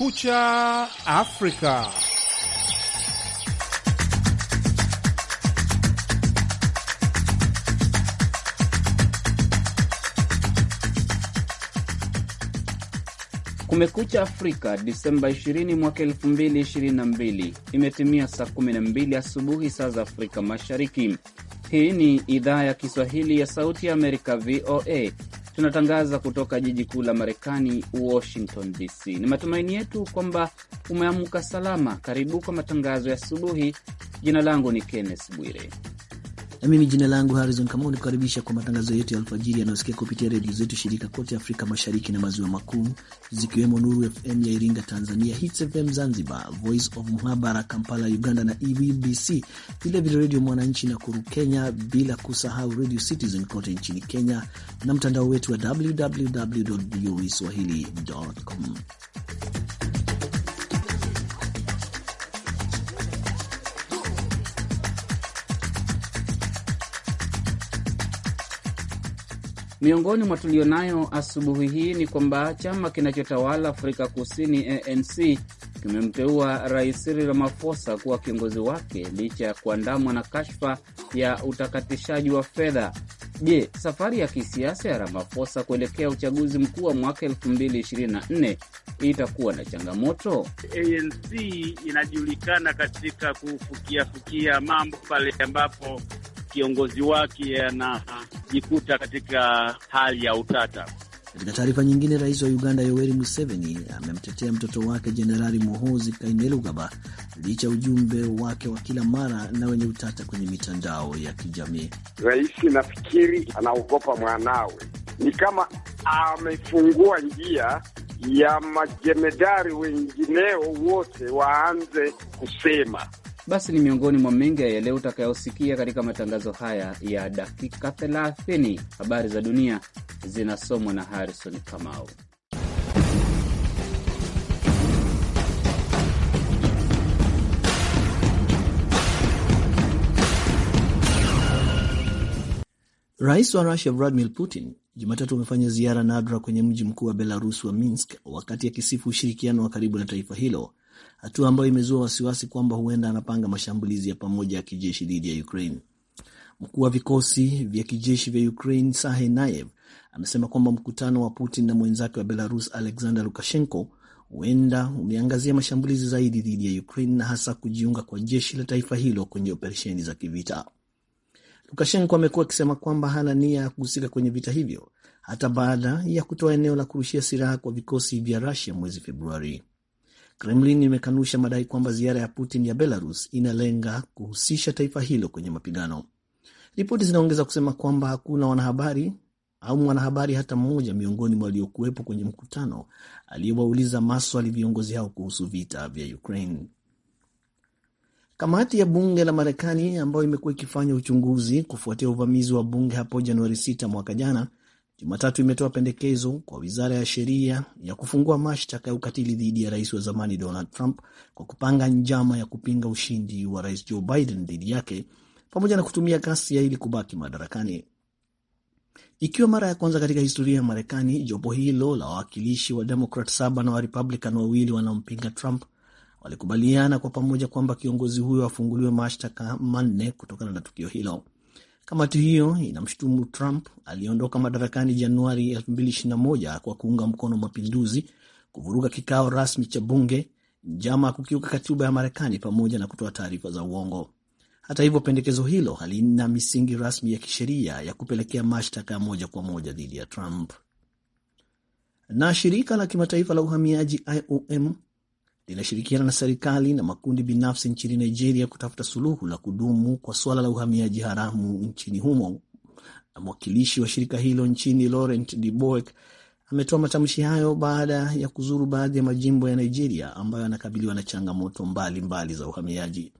Kumekucha Afrika. Kumekucha Afrika, Disemba 20 mwaka 2022. Imetimia saa 12 asubuhi saa za Afrika Mashariki. Hii ni idhaa ya Kiswahili ya Sauti ya Amerika, VOA. Tunatangaza kutoka jiji kuu la Marekani, Washington DC. Ni matumaini yetu kwamba umeamka salama. Karibu kwa matangazo ya asubuhi. Jina langu ni Kenneth Bwire na mimi jina langu Harrison Kamau, nikukaribisha kwa matangazo yetu ya alfajiri yanayosikia kupitia redio zetu shirika kote Afrika Mashariki na Maziwa Makuu, zikiwemo Nuru FM ya Iringa Tanzania, Hits FM Zanzibar, Voice of Muhabara Kampala Uganda na evbc vilevile Redio Mwananchi na Kuru Kenya, bila kusahau Radio Citizen kote nchini Kenya na mtandao wetu wa www voa swahili.com. Miongoni mwa tulionayo asubuhi hii ni kwamba chama kinachotawala Afrika Kusini, ANC, kimemteua Rais Cyril Ramaphosa kuwa kiongozi wake licha ya kuandamwa na kashfa ya utakatishaji wa fedha. Je, safari ya kisiasa ya Ramaphosa kuelekea uchaguzi mkuu wa mwaka 2024 itakuwa na changamoto? ANC inajulikana katika kufukiafukia mambo pale ambapo kiongozi wake anajikuta katika hali ya utata. Katika taarifa nyingine, rais wa Uganda Yoweri Museveni amemtetea mtoto wake Jenerali mohozi Kainerugaba licha ujumbe wake wa kila mara na wenye utata kwenye mitandao ya kijamii. Rais nafikiri anaogopa mwanawe, ni kama amefungua njia ya majemedari wengineo wote waanze kusema basi ni miongoni mwa mengi ya leo utakayosikia katika matangazo haya ya dakika 30. Habari za dunia zinasomwa na Harrison Kamau. Rais wa Rusia Vladimir Putin Jumatatu amefanya ziara nadra kwenye mji mkuu wa Belarus wa Minsk wakati akisifu ushirikiano wa karibu na taifa hilo hatua ambayo imezua wasiwasi kwamba huenda anapanga mashambulizi ya pamoja ya kijeshi dhidi ya Ukraine. Mkuu wa vikosi vya kijeshi vya Ukraine Sahe Nayev amesema kwamba mkutano wa Putin na mwenzake wa Belarus Alexander Lukashenko huenda umeangazia mashambulizi zaidi dhidi ya Ukraine na hasa kujiunga kwa jeshi la taifa hilo kwenye operesheni za kivita. Lukashenko amekuwa akisema kwamba hana nia ya kuhusika kwenye vita hivyo hata baada ya kutoa eneo la kurushia silaha kwa vikosi vya Rusia mwezi Februari. Kremlin imekanusha madai kwamba ziara ya Putin ya Belarus inalenga kuhusisha taifa hilo kwenye mapigano. Ripoti zinaongeza kusema kwamba hakuna wanahabari au mwanahabari hata mmoja miongoni mwa waliokuwepo kwenye mkutano aliyewauliza maswali viongozi hao kuhusu vita vya Ukraine. Kamati ya bunge la Marekani ambayo imekuwa ikifanya uchunguzi kufuatia uvamizi wa bunge hapo Januari 6 mwaka jana Jumatatu imetoa pendekezo kwa wizara ya sheria ya kufungua mashtaka ya ukatili dhidi ya rais wa zamani Donald Trump kwa kupanga njama ya kupinga ushindi wa rais Joe Biden dhidi yake pamoja na kutumia ghasia ili kubaki madarakani. Ikiwa mara ya kwanza katika historia ya Marekani, jopo hilo la wawakilishi wa Demokrat saba na Warepublican wawili wanaompinga Trump walikubaliana kwa pamoja kwamba kiongozi huyo afunguliwe mashtaka manne kutokana na tukio hilo. Kamati hiyo inamshutumu Trump aliyeondoka madarakani Januari 2021 kwa kuunga mkono mapinduzi, kuvuruga kikao rasmi cha bunge, njama ya kukiuka katiba ya Marekani pamoja na kutoa taarifa za uongo. Hata hivyo, pendekezo hilo halina misingi rasmi ya kisheria ya kupelekea mashtaka ya moja kwa moja dhidi ya Trump. Na shirika la kimataifa la uhamiaji IOM linashirikiana na serikali na makundi binafsi nchini Nigeria kutafuta suluhu la kudumu kwa suala la uhamiaji haramu nchini humo, na mwakilishi wa shirika hilo nchini Laurent Diboek ametoa matamshi hayo baada ya kuzuru baadhi ya majimbo ya Nigeria ambayo yanakabiliwa na changamoto mbalimbali mbali za uhamiaji.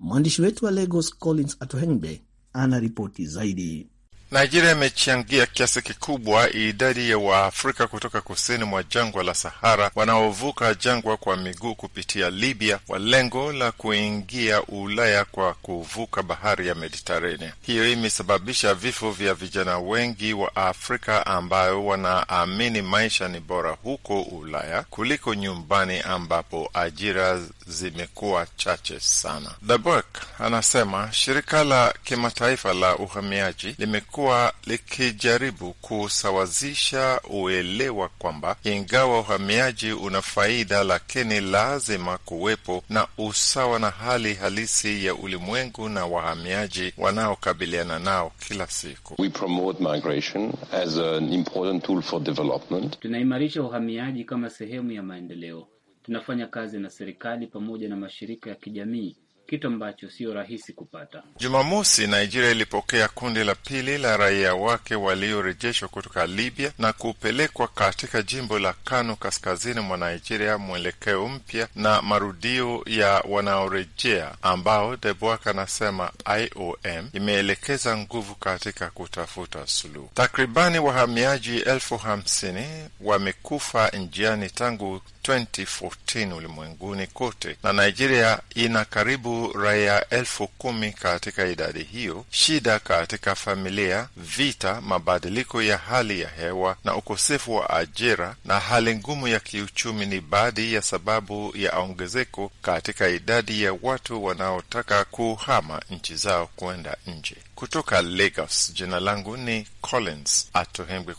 Mwandishi wetu wa Lagos Collins Atohengbe ana ripoti zaidi. Nigeria imechangia kiasi kikubwa idadi ya Waafrika kutoka kusini mwa jangwa la Sahara wanaovuka jangwa kwa miguu kupitia Libya kwa lengo la kuingia Ulaya kwa kuvuka bahari ya Mediterania. Hiyo imesababisha vifo vya vijana wengi wa Afrika ambayo wanaamini maisha ni bora huko Ulaya kuliko nyumbani ambapo ajira zimekuwa chache sana. The Book anasema shirika la kimataifa la uhamiaji limekuwa likijaribu kusawazisha uelewa kwamba ingawa uhamiaji una faida, lakini lazima kuwepo na usawa na hali halisi ya ulimwengu na wahamiaji wanaokabiliana nao kila siku. We promote migration as an important tool for development. Tunaimarisha uhamiaji kama sehemu ya maendeleo. Tunafanya kazi na serikali pamoja na mashirika ya kijamii kitu ambacho sio rahisi kupata. Jumamosi, Nigeria ilipokea kundi la pili la raia wake waliorejeshwa kutoka Libya na kupelekwa katika jimbo la Kano kaskazini mwa Nigeria, mwelekeo mpya na marudio ya wanaorejea ambao Debwak anasema IOM imeelekeza nguvu katika kutafuta suluhu. Takribani wahamiaji elfu hamsini wamekufa njiani tangu 2014 ulimwenguni kote na Nigeria ina karibu raia elfu kumi katika idadi hiyo, shida katika familia, vita, mabadiliko ya hali ya hewa na ukosefu wa ajira na hali ngumu ya kiuchumi ni baadhi ya sababu ya ongezeko katika idadi ya watu wanaotaka kuhama nchi zao kwenda nje. Kutoka Lagos, jina langu ni Collins Atohengwe.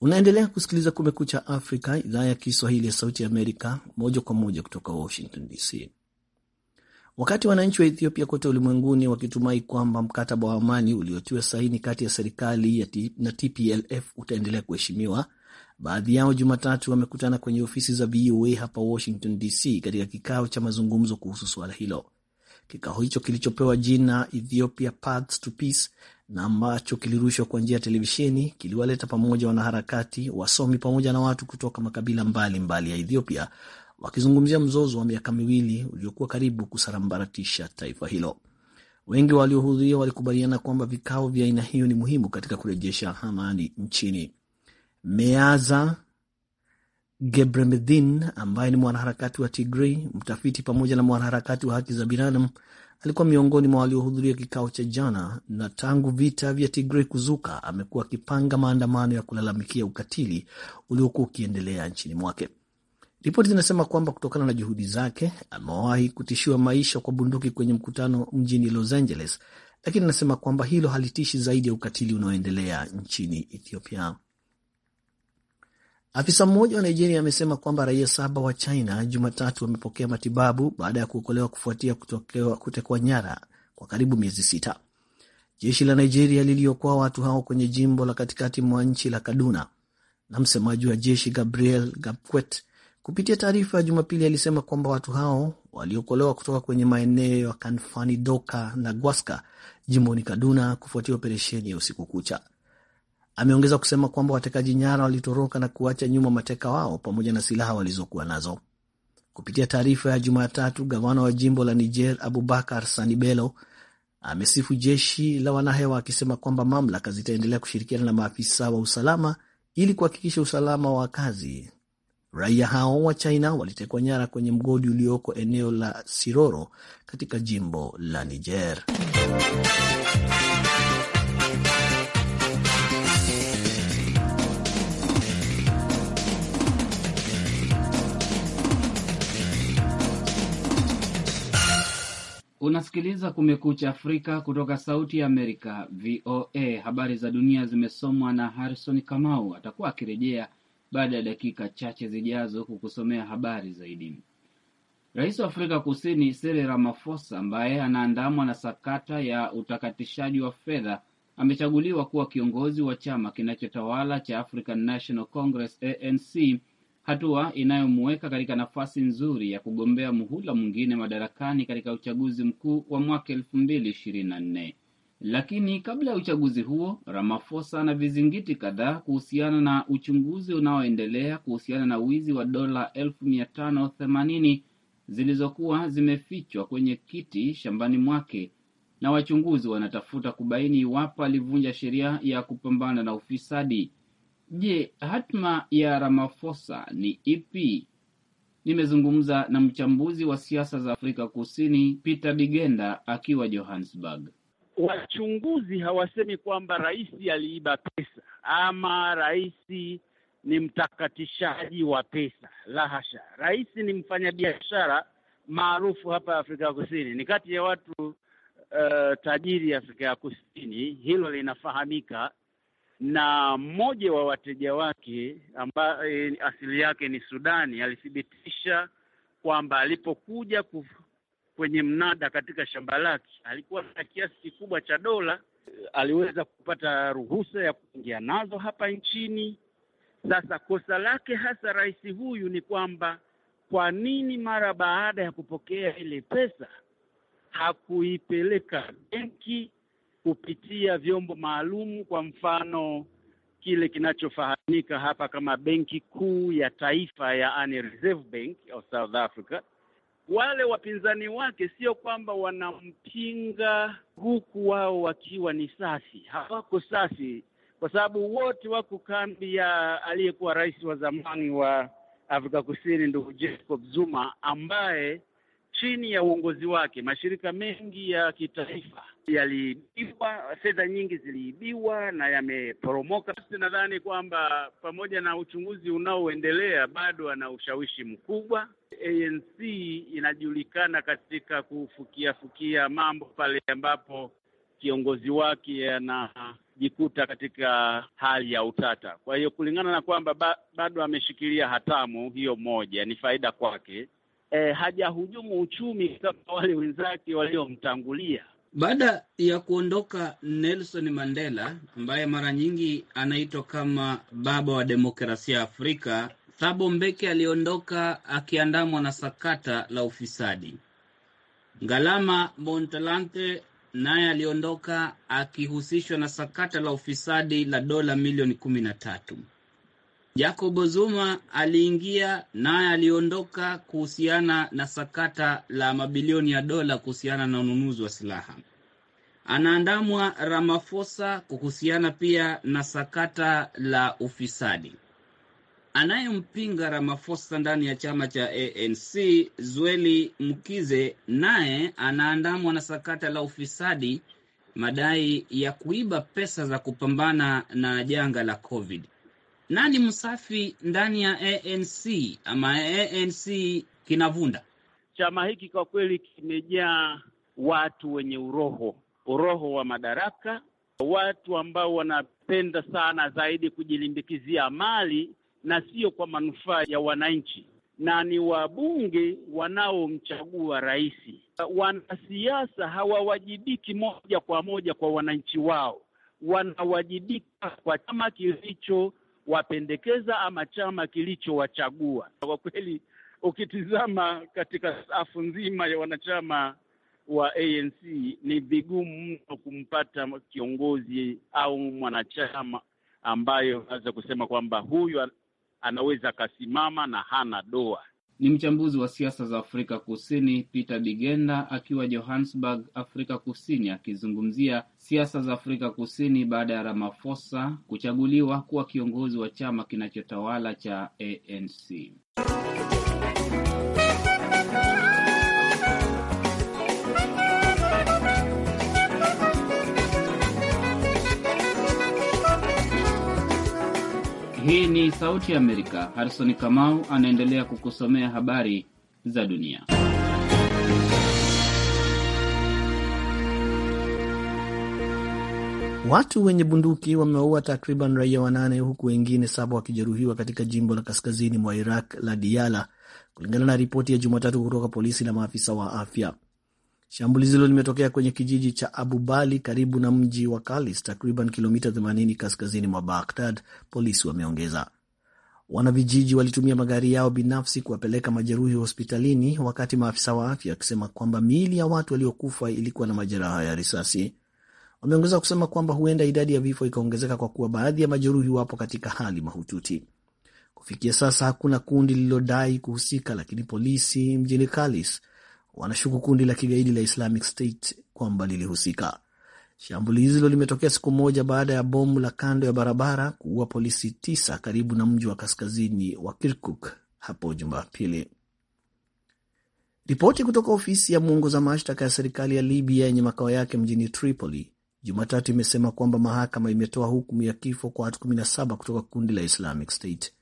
Unaendelea kusikiliza Kumekucha Afrika, idhaa ya Kiswahili ya Sauti ya Amerika, moja kwa moja kutoka Washington DC wakati wananchi wa Ethiopia kote ulimwenguni wakitumai kwamba mkataba wa amani uliotiwa saini kati ya serikali na TPLF utaendelea kuheshimiwa. Baadhi yao Jumatatu wamekutana kwenye ofisi za VOA hapa Washington DC katika kikao cha mazungumzo kuhusu suala hilo. Kikao hicho kilichopewa jina Ethiopia Paths to Peace na ambacho kilirushwa kwa njia ya televisheni kiliwaleta pamoja wanaharakati, wasomi pamoja na watu kutoka makabila mbalimbali mbali ya Ethiopia wakizungumzia mzozo wa miaka miwili uliokuwa karibu kusambaratisha taifa hilo. Wengi waliohudhuria walikubaliana kwamba vikao vya aina hiyo ni muhimu katika kurejesha amani nchini. Meaza Gebremedin ambaye ni mwanaharakati wa Tigray, mtafiti pamoja na mwanaharakati wa haki za binadamu, alikuwa miongoni mwa waliohudhuria kikao cha jana, na tangu vita vya Tigray kuzuka amekuwa akipanga maandamano ya kulalamikia ukatili uliokuwa ukiendelea nchini mwake. Ripoti zinasema kwamba kutokana na juhudi zake amewahi kutishiwa maisha kwa bunduki kwenye mkutano mjini Los Angeles, lakini anasema kwamba hilo halitishi zaidi ya ukatili unaoendelea nchini Ethiopia. Afisa mmoja wa Nigeria amesema kwamba raia saba wa China Jumatatu wamepokea matibabu baada ya kuokolewa kufuatia kutekwa nyara kwa karibu miezi sita. Jeshi la Nigeria liliokoa watu hao kwenye jimbo la katikati mwa nchi la Kaduna, na msemaji wa jeshi Gabriel Gapkwet Kupitia taarifa ya Jumapili alisema kwamba watu hao waliokolewa kutoka kwenye maeneo ya Kanfani Doka na Gwaska jimboni Kaduna kufuatia operesheni ya usiku kucha. Ameongeza kusema kwamba watekaji nyara walitoroka na kuacha nyuma mateka wao pamoja na silaha walizokuwa nazo. Kupitia taarifa ya Jumatatu, gavana wa jimbo la Niger Abubakar Sanibelo amesifu jeshi la wanahewa akisema kwamba mamlaka zitaendelea kushirikiana na maafisa wa usalama ili kuhakikisha usalama wa wakazi Raia hao wa China walitekwa nyara kwenye mgodi ulioko eneo la Siroro katika jimbo la Niger. Unasikiliza Kumekucha Afrika kutoka Sauti ya Amerika, VOA. Habari za dunia zimesomwa na Harrison Kamau, atakuwa akirejea baada ya dakika chache zijazo kukusomea habari zaidi. Rais wa Afrika Kusini Cyril Ramaphosa ambaye anaandamwa na sakata ya utakatishaji wa fedha amechaguliwa kuwa kiongozi wa chama kinachotawala cha African National Congress ANC, hatua inayomuweka katika nafasi nzuri ya kugombea muhula mwingine madarakani katika uchaguzi mkuu wa mwaka elfu mbili ishirini na nne. Lakini kabla ya uchaguzi huo, Ramaphosa ana vizingiti kadhaa kuhusiana na uchunguzi unaoendelea kuhusiana na wizi wa dola elfu mia tano themanini zilizokuwa zimefichwa kwenye kiti shambani mwake, na wachunguzi wanatafuta kubaini iwapo alivunja sheria ya kupambana na ufisadi. Je, hatma ya Ramaphosa ni ipi? Nimezungumza na mchambuzi wa siasa za Afrika Kusini Peter Bigenda akiwa Johannesburg wachunguzi hawasemi kwamba rais aliiba pesa ama rais ni mtakatishaji wa pesa. La hasha, rais ni mfanyabiashara maarufu hapa Afrika ya Kusini, ni kati ya watu uh, tajiri Afrika ya Kusini, hilo linafahamika na mmoja wa wateja wake ambaye eh, asili yake ni Sudani alithibitisha kwamba alipokuja kwenye mnada katika shamba lake, alikuwa na kiasi kikubwa cha dola, aliweza kupata ruhusa ya kuingia nazo hapa nchini. Sasa kosa lake hasa rais huyu ni kwamba kwa nini mara baada ya kupokea ile pesa hakuipeleka benki kupitia vyombo maalum, kwa mfano kile kinachofahamika hapa kama Benki Kuu ya Taifa, yaani Reserve Bank of South Africa wale wapinzani wake sio kwamba wanampinga huku wao wakiwa ni safi, hawako safi, kwa sababu wote wako kambi ya aliyekuwa rais wa zamani wa Afrika Kusini ndugu Jacob Zuma ambaye chini ya uongozi wake mashirika mengi ya kitaifa yaliibiwa, fedha nyingi ziliibiwa na yameporomoka. Nadhani kwamba pamoja na uchunguzi unaoendelea bado ana ushawishi mkubwa. ANC inajulikana katika kufukia fukia mambo pale ambapo kiongozi wake anajikuta katika hali ya utata. Kwa hiyo kulingana na kwamba ba, bado ameshikilia hatamu hiyo moja, ni faida kwake eh, hajahujumu uchumi kama wale wenzake waliomtangulia. Baada ya kuondoka Nelson Mandela, ambaye mara nyingi anaitwa kama baba wa demokrasia Afrika, Thabo Mbeki aliondoka akiandamwa na sakata la ufisadi. Ngalama Montalante naye aliondoka akihusishwa na sakata la ufisadi la dola milioni kumi na tatu. Jacob Zuma aliingia naye aliondoka, kuhusiana na sakata la mabilioni ya dola kuhusiana na ununuzi wa silaha. Anaandamwa Ramaphosa kuhusiana pia na sakata la ufisadi. Anayempinga Ramaphosa ndani ya chama cha ANC Zweli Mkize naye anaandamwa na sakata la ufisadi, madai ya kuiba pesa za kupambana na janga la Covid. Nani msafi ndani ya ANC ama ANC kinavunda? Chama hiki kwa kweli kimejaa watu wenye uroho, uroho wa madaraka, watu ambao wanapenda sana zaidi kujilimbikizia mali na sio kwa manufaa ya wananchi, na ni wabunge wanaomchagua rais. Wanasiasa hawawajibiki moja kwa moja kwa wananchi wao, wanawajibika kwa chama kilicho wapendekeza ama chama kilichowachagua. Kwa kweli, ukitizama katika safu nzima ya wanachama wa ANC ni vigumu mno kumpata kiongozi au mwanachama ambaye unaweza kusema kwamba huyu anaweza akasimama na hana doa. Ni mchambuzi wa siasa za Afrika Kusini Peter Bigenda akiwa Johannesburg, Afrika Kusini, akizungumzia siasa za Afrika Kusini baada ya Ramaphosa kuchaguliwa kuwa kiongozi wa chama kinachotawala cha ANC. Hii ni Sauti ya Amerika. Harison Kamau anaendelea kukusomea habari za dunia. Watu wenye bunduki wamewaua takriban raia wanane huku wengine saba wakijeruhiwa katika jimbo la kaskazini mwa Iraq la diala kulingana na ripoti ya Jumatatu kutoka polisi na maafisa wa afya. Shambulizi hilo limetokea kwenye kijiji cha Bali karibu na mji wa Kalis, takriban kilomita 80 kaskazini mwa Baghdad, polisi wameongeza. Wanavijiji walitumia magari yao binafsi kuwapeleka majeruhi hospitalini, wakati maafisa wa afya wakisema kwamba miili ya watu waliokufa ilikuwa na majeraha ya risasi. Wameongeza kusema kwamba huenda idadi ya vifo ikaongezeka kwa kuwa baadhi ya majeruhi wapo katika hali mahututi. Kufikia sasa hakuna kundi lililodai kuhusika, lakini polisi mjini Kalis wanashuku kundi la kigaidi la Islamic State kwamba lilihusika. Shambulizi hilo limetokea siku moja baada ya bomu la kando ya barabara kuua polisi tisa karibu na mji wa kaskazini wa Kirkuk hapo Jumapili. Ripoti kutoka ofisi ya mwongoza mashtaka ya serikali ya Libya yenye makao yake mjini Tripoli Jumatatu imesema kwamba mahakama imetoa hukumu ya kifo kwa watu 17 kutoka kundi la Islamic State.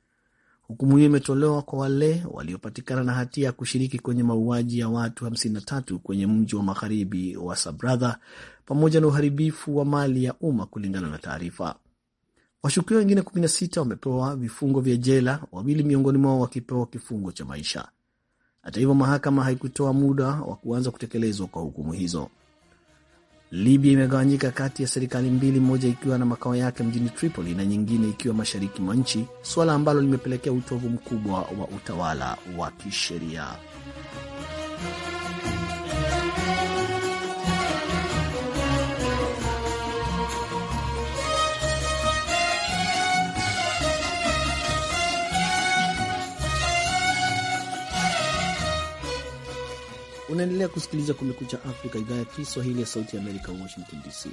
Hukumu hiyo imetolewa kwa wale waliopatikana na hatia ya kushiriki kwenye mauaji ya watu 53 kwenye mji wa magharibi wa Sabratha pamoja na uharibifu wa mali ya umma, kulingana na taarifa. Washukiwa wengine 16 wamepewa vifungo vya jela, wawili miongoni mwao wakipewa kifungo cha maisha. Hata hivyo, mahakama haikutoa muda wa kuanza kutekelezwa kwa hukumu hizo. Libya imegawanyika kati ya serikali mbili, moja ikiwa na makao yake mjini Tripoli na nyingine ikiwa mashariki mwa nchi, suala ambalo limepelekea utovu mkubwa wa utawala wa kisheria. Unaendelea kusikiliza Kumekucha Afrika, idhaa ya Kiswahili ya Sauti ya Amerika, Washington DC.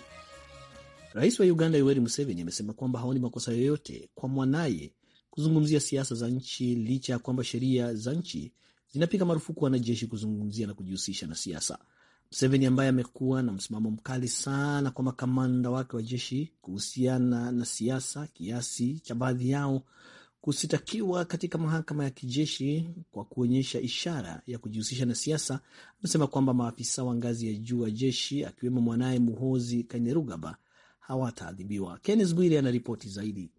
Rais wa Uganda Yoweri Museveni amesema kwamba haoni makosa yoyote kwa mwanaye kuzungumzia siasa za nchi licha ya kwamba sheria za nchi zinapiga marufuku wanajeshi kuzungumzia na kujihusisha na siasa. Museveni ambaye amekuwa na msimamo mkali sana kwa makamanda wake wa jeshi kuhusiana na siasa, kiasi cha baadhi yao kusitakiwa katika mahakama ya kijeshi kwa kuonyesha ishara ya kujihusisha na siasa. Amesema kwamba maafisa wa ngazi ya juu wa jeshi akiwemo mwanaye Muhozi Kainerugaba hawataadhibiwa. Kennes Bwire anaripoti zaidi.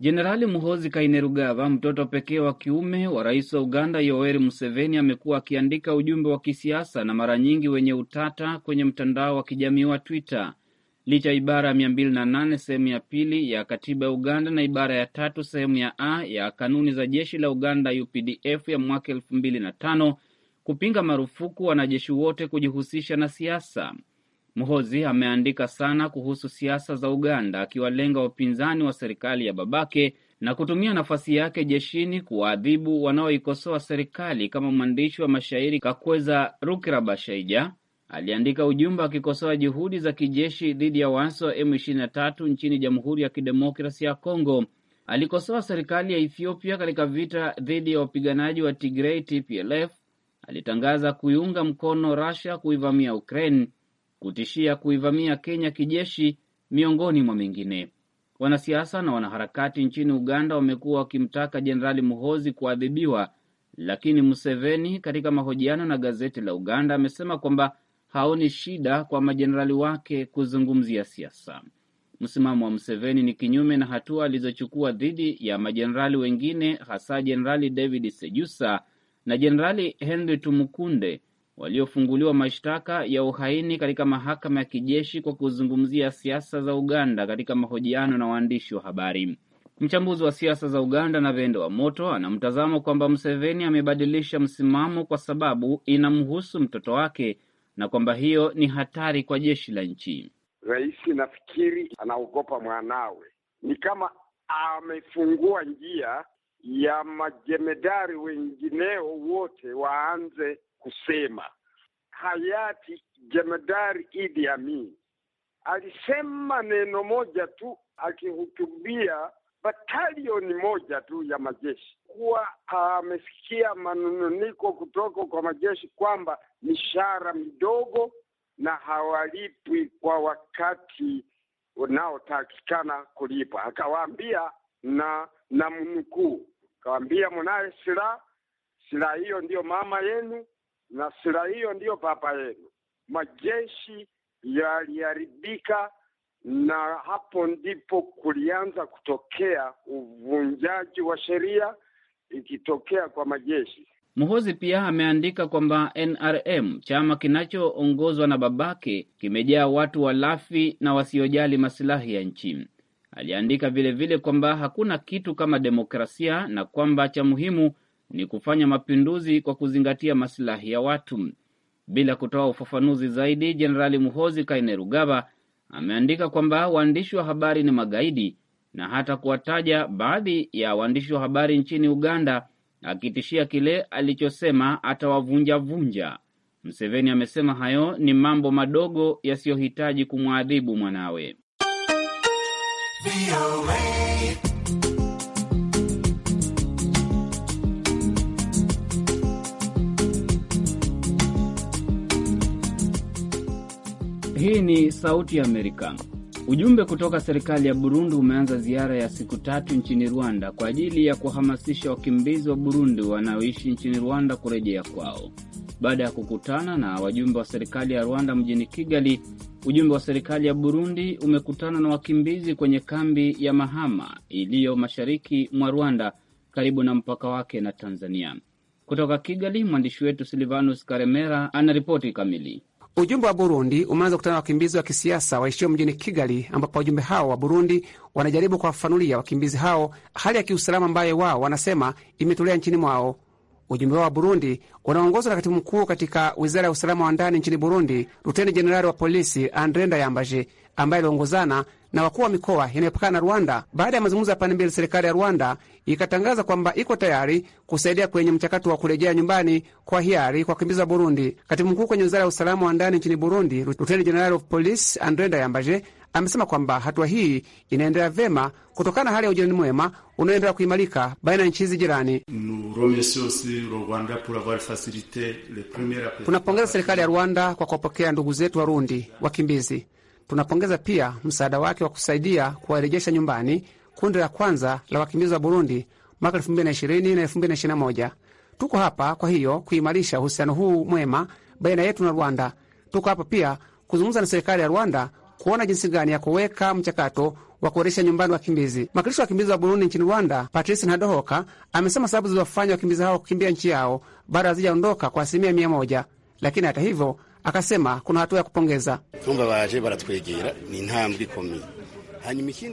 Jenerali Muhozi Kainerugaba, mtoto pekee wa kiume wa rais wa Uganda Yoweri Museveni, amekuwa akiandika ujumbe wa kisiasa na mara nyingi wenye utata kwenye mtandao wa kijamii wa Twitter licha ya ibara ya mia mbili na nane sehemu ya pili ya katiba ya Uganda na ibara ya tatu sehemu ya a ya kanuni za jeshi la Uganda UPDF ya mwaka elfu mbili na tano kupinga marufuku wanajeshi wote kujihusisha na siasa. Mhozi ameandika sana kuhusu siasa za Uganda, akiwalenga wapinzani wa serikali ya babake na kutumia nafasi yake jeshini kuwaadhibu wanaoikosoa serikali, kama mwandishi wa mashairi Kakweza Bashaija aliandika ujumbe akikosoa juhudi za kijeshi dhidi ya waasi wa M23 nchini Jamhuri ya kidemokrasi ya Kongo. Alikosoa serikali ya Ethiopia katika vita dhidi ya wapiganaji wa tigrei TPLF. Alitangaza kuiunga mkono rasia kuivamia Ukraine, kutishia kuivamia Kenya kijeshi, miongoni mwa mengine. Wanasiasa na wanaharakati nchini Uganda wamekuwa wakimtaka Jenerali Muhozi kuadhibiwa, lakini Museveni katika mahojiano na gazeti la Uganda amesema kwamba haoni shida kwa majenerali wake kuzungumzia siasa. Msimamo wa mseveni ni kinyume na hatua alizochukua dhidi ya majenerali wengine, hasa Jenerali David Sejusa na Jenerali Henry Tumukunde waliofunguliwa mashtaka ya uhaini katika mahakama ya kijeshi kwa kuzungumzia siasa za Uganda katika mahojiano na waandishi wa habari. Mchambuzi wa siasa za Uganda na Vendo wa Moto anamtazamo kwamba mseveni amebadilisha msimamo kwa sababu inamhusu mtoto wake na kwamba hiyo ni hatari kwa jeshi la nchi. Rais nafikiri anaogopa mwanawe, ni kama amefungua njia ya majemedari wengineo wote waanze kusema. Hayati jemedari Idi Amin alisema neno moja tu akihutubia batalioni moja tu ya majeshi kuwa amesikia manununiko kutoka kwa majeshi kwamba mishahara midogo na hawalipwi kwa wakati unaotakikana kulipwa. Akawaambia na na mnukuu, akawaambia munaye silaha, silaha hiyo ndiyo mama yenu na silaha hiyo ndiyo baba yenu. Majeshi yaliharibika na hapo ndipo kulianza kutokea uvunjaji wa sheria ikitokea kwa majeshi. Muhozi pia ameandika kwamba NRM, chama kinachoongozwa na babake, kimejaa watu walafi na wasiojali masilahi ya nchi. Aliandika vilevile kwamba hakuna kitu kama demokrasia na kwamba cha muhimu ni kufanya mapinduzi kwa kuzingatia masilahi ya watu. Bila kutoa ufafanuzi zaidi, Jenerali Muhozi Kainerugaba ameandika kwamba waandishi wa habari ni magaidi na hata kuwataja baadhi ya waandishi wa habari nchini Uganda, akitishia kile alichosema atawavunjavunja. Mseveni amesema hayo ni mambo madogo yasiyohitaji kumwadhibu mwanawe. Hii ni Sauti ya Amerika. Ujumbe kutoka serikali ya Burundi umeanza ziara ya siku tatu nchini Rwanda kwa ajili ya kuwahamasisha wakimbizi wa Burundi wanaoishi nchini Rwanda kurejea kwao. Baada ya kukutana na wajumbe wa serikali ya Rwanda mjini Kigali, ujumbe wa serikali ya Burundi umekutana na wakimbizi kwenye kambi ya Mahama iliyo mashariki mwa Rwanda, karibu na mpaka wake na Tanzania. Kutoka Kigali, mwandishi wetu Silvanus Karemera anaripoti kamili. Ujumbe wa Burundi umeanza kukutana na wakimbizi wa kisiasa waishio mjini Kigali, ambapo wajumbe hao wa Burundi wanajaribu kuwafanulia wakimbizi hao hali ya kiusalama ambayo wao wanasema imetolea nchini mwao. Ujumbe wa Burundi unaongozwa na katibu mkuu katika wizara ya usalama wa ndani nchini Burundi, luteni jenerali wa polisi Andre Ndayambaje ambaye aliongozana na wakuu wa mikoa inayopakana na Rwanda. Baada ya mazungumzo ya pande mbili, serikali ya Rwanda ikatangaza kwamba iko tayari kusaidia kwenye mchakato wa kurejea nyumbani kwa hiari kwa wakimbizi wa Burundi. Katibu mkuu kwenye wizara ya usalama wa ndani nchini Burundi, luteni jenerali wa polisi Andre Ndayambaje amesema kwamba hatua hii inaendelea vyema kutokana na hali ya ujirani mwema unaoendelea kuimarika baina ya nchi hizi jirani. Tunapongeza serikali ya Rwanda kwa kuwapokea ndugu zetu Warundi wakimbizi. Tunapongeza pia msaada wake wa kusaidia kuwarejesha nyumbani kundi la kwanza la wakimbizi wa Burundi mwaka 2020 na 2021. Tuko hapa kwa hiyo kuimarisha uhusiano huu mwema baina yetu na Rwanda. Tuko hapa pia kuzungumza na serikali ya Rwanda kuona jinsi gani ya kuweka mchakato wa kurejesha nyumbani wakimbizi. Mwakilishi wa wakimbizi wa Burundi nchini Rwanda, Patrice nadohoka amesema sababu zilizofanya wakimbizi hao kukimbia nchi yao bado hazijaondoka kwa asilimia mia moja, lakini hata hivyo akasema kuna hatua ya kupongeza.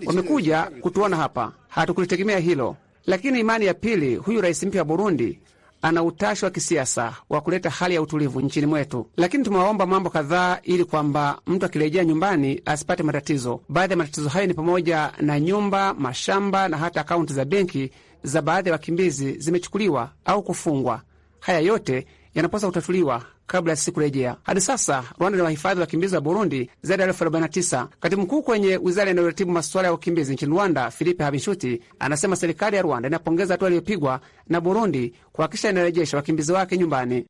Wamekuja kutuona hapa, hatukulitegemea hilo. Lakini imani ya pili, huyu rais mpya wa Burundi ana utashi wa kisiasa wa kuleta hali ya utulivu nchini mwetu, lakini tumewaomba mambo kadhaa ili kwamba mtu akirejea nyumbani asipate matatizo. Baadhi ya matatizo hayo ni pamoja na nyumba, mashamba na hata akaunti za benki za baadhi ya wakimbizi zimechukuliwa au kufungwa. Haya yote yanapaswa kutatuliwa kabla ya sisi kurejea. Hadi sasa Rwanda na wahifadhi wa wakimbizi wa Burundi zaidi ya elfu tisa. Katibu mkuu kwenye wizara inayoratibu masuala ya wakimbizi nchini Rwanda, Filipe Habinshuti, anasema serikali ya Rwanda inapongeza hatua iliyopigwa na Burundi kuhakikisha inarejesha wakimbizi wake nyumbani.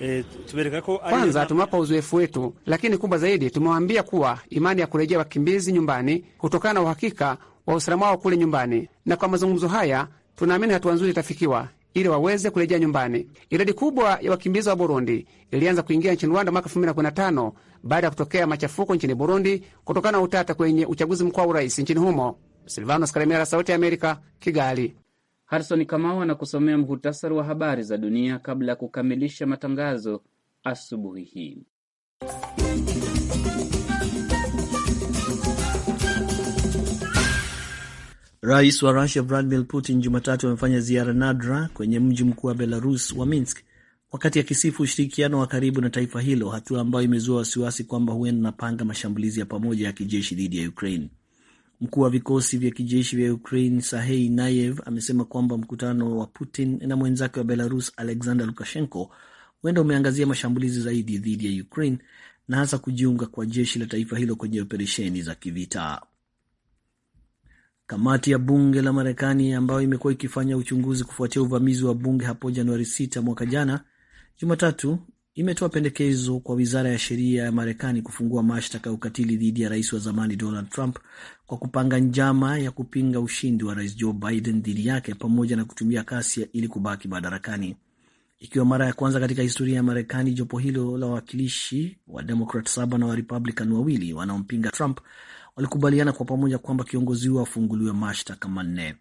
E, Kwanza tumewapa uzoefu wetu, lakini kubwa zaidi tumewaambia kuwa imani ya kurejea wakimbizi nyumbani kutokana na uhakika wa usalama wao kule nyumbani, na kwa mazungumzo haya tunaamini hatua nzuri itafikiwa ili waweze kurejea nyumbani. Idadi kubwa ya wakimbizi wa Burundi ilianza kuingia nchini Rwanda mwaka 2015 baada ya kutokea machafuko nchini Burundi kutokana na utata kwenye uchaguzi mkuu wa urais nchini humo. Silvanos Karemera, Sauti ya Amerika, Kigali. Harison Kamau anakusomea muhutasari wa habari za dunia kabla ya kukamilisha matangazo asubuhi hii. Rais wa Russia Vladimir Putin Jumatatu amefanya ziara nadra kwenye mji mkuu wa Belarus wa Minsk wakati akisifu ushirikiano wa karibu na taifa hilo, hatua ambayo imezua wasiwasi kwamba huenda napanga mashambulizi ya pamoja ya kijeshi dhidi ya Ukraine. Mkuu wa vikosi vya kijeshi vya Ukraine sahei Nayev amesema kwamba mkutano wa Putin na mwenzake wa Belarus Alexander Lukashenko huenda umeangazia mashambulizi zaidi dhidi ya Ukraine na hasa kujiunga kwa jeshi la taifa hilo kwenye operesheni za kivita. Kamati ya bunge la Marekani ambayo imekuwa ikifanya uchunguzi kufuatia uvamizi wa bunge hapo Januari 6 mwaka jana, Jumatatu imetoa pendekezo kwa wizara ya sheria ya Marekani kufungua mashtaka ya ukatili dhidi ya rais wa zamani Donald Trump kwa kupanga njama ya kupinga ushindi wa rais Joe Biden dhidi yake pamoja na kutumia kasi ili kubaki madarakani, ikiwa mara ya kwanza katika historia ya Marekani. Jopo hilo la wawakilishi wa Demokrat saba na Warepublican wawili wanaompinga Trump walikubaliana kwa pamoja kwamba kiongozi huo afunguliwe mashtaka manne.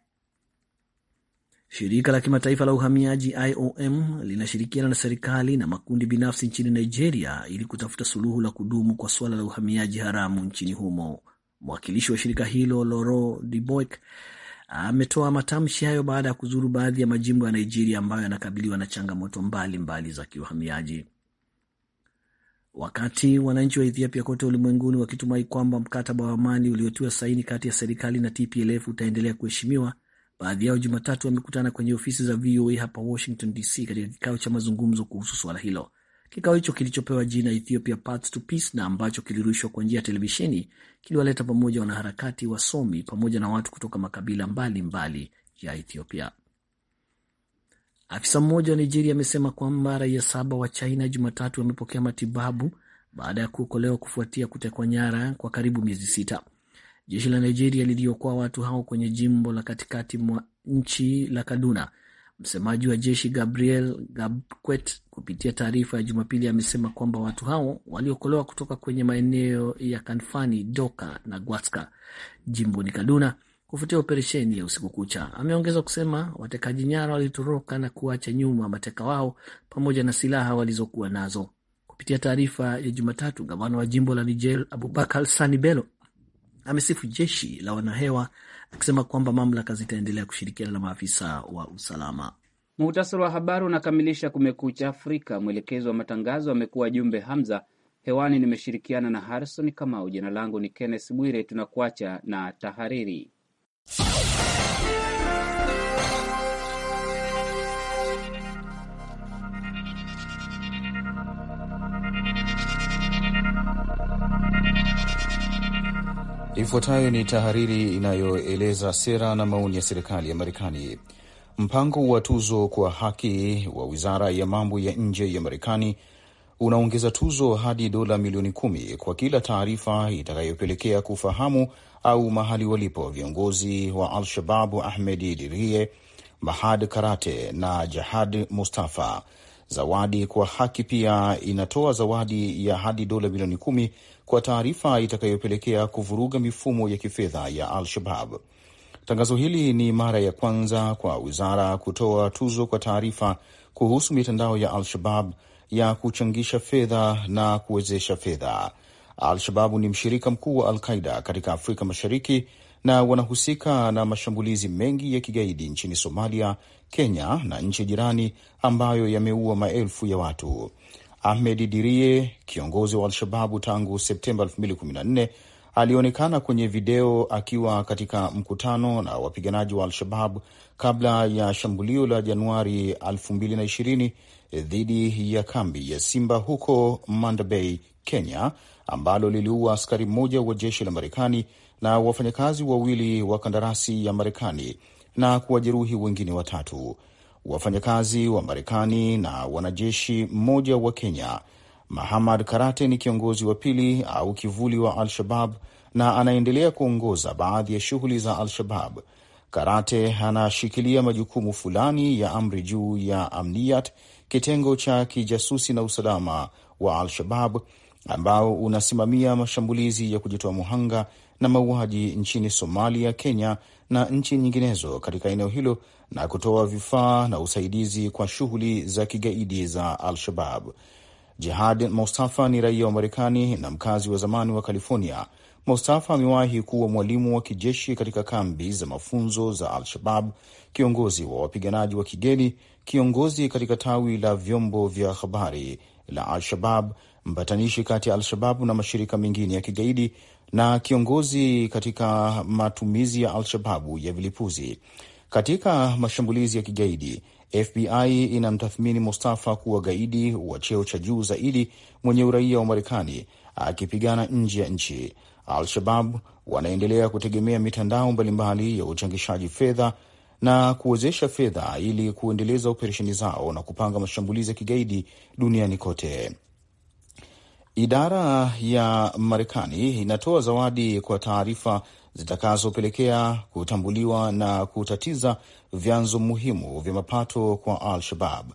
Shirika la kimataifa la uhamiaji IOM linashirikiana na serikali na makundi binafsi nchini Nigeria ili kutafuta suluhu la kudumu kwa suala la uhamiaji haramu nchini humo. Mwakilishi wa shirika hilo Loro Diboek ametoa matamshi hayo baada ya kuzuru baadhi ya majimbo ya Nigeria ambayo yanakabiliwa na changamoto mbalimbali mbali za kiuhamiaji wakati wananchi wa Ethiopia kote ulimwenguni wakitumai kwamba mkataba wa amani uliotiwa saini kati ya serikali na TPLF utaendelea kuheshimiwa. Baadhi yao Jumatatu wamekutana kwenye ofisi za VOA hapa Washington DC katika kikao cha mazungumzo kuhusu suala hilo. Kikao hicho kilichopewa jina Ethiopia Path to Peace na ambacho kilirushwa kwa njia ya televisheni kiliwaleta pamoja wanaharakati, wasomi pamoja na watu kutoka makabila mbalimbali mbali ya Ethiopia. Afisa mmoja wa Nigeria amesema kwamba raia saba wa China Jumatatu wamepokea matibabu baada ya kuokolewa kufuatia kutekwa nyara kwa karibu miezi sita. Jeshi la Nigeria liliokoa watu hao kwenye jimbo la katikati mwa nchi la Kaduna. Msemaji wa jeshi Gabriel Gabquet, kupitia taarifa ya Jumapili amesema kwamba watu hao waliokolewa kutoka kwenye maeneo ya Kanfani, Doka na Gwatska jimboni Kaduna kufuatia operesheni ya usiku kucha. Ameongeza kusema watekaji nyara walitoroka na kuacha nyuma mateka wao pamoja na silaha walizokuwa nazo. Kupitia taarifa ya Jumatatu, gavana wa jimbo la Niger Abubakar Sani Bello amesifu jeshi la wanahewa akisema kwamba mamlaka zitaendelea kushirikiana na maafisa wa usalama. Muhtasari wa habari unakamilisha Kumekucha Afrika. Mwelekezi wa matangazo amekuwa Jumbe Hamza. Hewani nimeshirikiana na Harrison Kamau. Jina langu ni Kenneth Bwire. Tunakuacha na tahariri. Ifuatayo ni tahariri inayoeleza sera na maoni ya serikali ya Marekani. Mpango wa Tuzo kwa Haki wa Wizara ya Mambo ya Nje ya Marekani unaongeza tuzo hadi dola milioni kumi kwa kila taarifa itakayopelekea kufahamu au mahali walipo viongozi wa Al-Shababu Ahmed Dirie, Mahad Karate na Jahad Mustafa. Zawadi kwa Haki pia inatoa zawadi ya hadi dola milioni kumi kwa taarifa itakayopelekea kuvuruga mifumo ya kifedha ya Al-Shabab. Tangazo hili ni mara ya kwanza kwa wizara kutoa tuzo kwa taarifa kuhusu mitandao ya Al-Shabab ya kuchangisha fedha na kuwezesha fedha. Al-Shababu ni mshirika mkuu wa Al-Qaida katika Afrika Mashariki na wanahusika na mashambulizi mengi ya kigaidi nchini Somalia, Kenya na nchi jirani ambayo yameua maelfu ya watu. Ahmed Dirie, kiongozi wa Al-Shababu tangu Septemba 2014, alionekana kwenye video akiwa katika mkutano na wapiganaji wa Al-Shabab kabla ya shambulio la Januari 2020 dhidi ya kambi ya Simba huko Mandabey, Kenya, ambalo liliua askari mmoja wa jeshi la Marekani na wafanyakazi wawili wa kandarasi ya Marekani na kuwajeruhi wengine watatu, wafanyakazi wa Marekani na wanajeshi mmoja wa Kenya. Mahamad Karate ni kiongozi wa pili au kivuli wa Al-Shabab na anaendelea kuongoza baadhi ya shughuli za Al-Shabab. Karate anashikilia majukumu fulani ya amri juu ya Amniyat, kitengo cha kijasusi na usalama wa Al-Shabab ambao unasimamia mashambulizi ya kujitoa muhanga na mauaji nchini Somalia, Kenya na nchi nyinginezo katika eneo hilo na kutoa vifaa na usaidizi kwa shughuli za kigaidi za Al-Shabab. Jihad Mustafa ni raia wa Marekani na mkazi wa zamani wa California Mustafa amewahi kuwa mwalimu wa kijeshi katika kambi za mafunzo za Al-Shabab, kiongozi wa wapiganaji wa kigeni, kiongozi katika tawi la vyombo vya habari la Al-Shabab, mpatanishi kati ya Al-Shabab na mashirika mengine ya kigaidi na kiongozi katika matumizi ya Al-Shababu ya vilipuzi katika mashambulizi ya kigaidi. FBI inamtathmini Mustafa kuwa gaidi wa cheo cha juu zaidi mwenye uraia wa Marekani akipigana nje ya nchi. Al-Shabab wanaendelea kutegemea mitandao mbalimbali ya uchangishaji fedha na kuwezesha fedha ili kuendeleza operesheni zao na kupanga mashambulizi ya kigaidi duniani kote. Idara ya Marekani inatoa zawadi kwa taarifa zitakazopelekea kutambuliwa na kutatiza vyanzo muhimu vya mapato kwa Al-Shabab.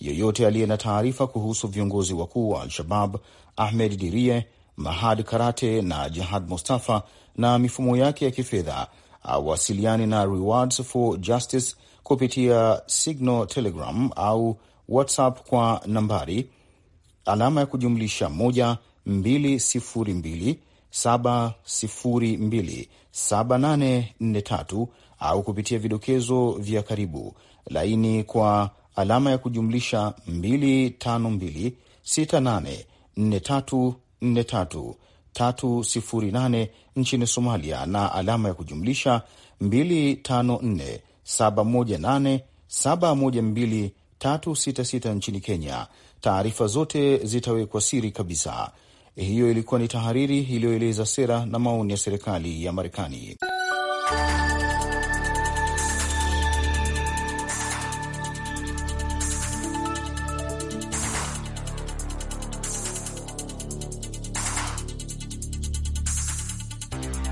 Yeyote aliye na taarifa kuhusu viongozi wakuu wa Al-Shabab, Ahmed Dirie Mahad Karate na Jihad Mustafa na mifumo yake ya kifedha awasiliani na Rewards for Justice kupitia Signal, Telegram au WhatsApp kwa nambari alama ya kujumlisha 12027027843 au kupitia vidokezo vya karibu laini kwa alama ya kujumlisha 2526843 443 nchini Somalia na alama ya kujumlisha 254 nchini Kenya. Taarifa zote zitawekwa siri kabisa. Hiyo ilikuwa ni tahariri iliyoeleza sera na maoni ya serikali ya Marekani.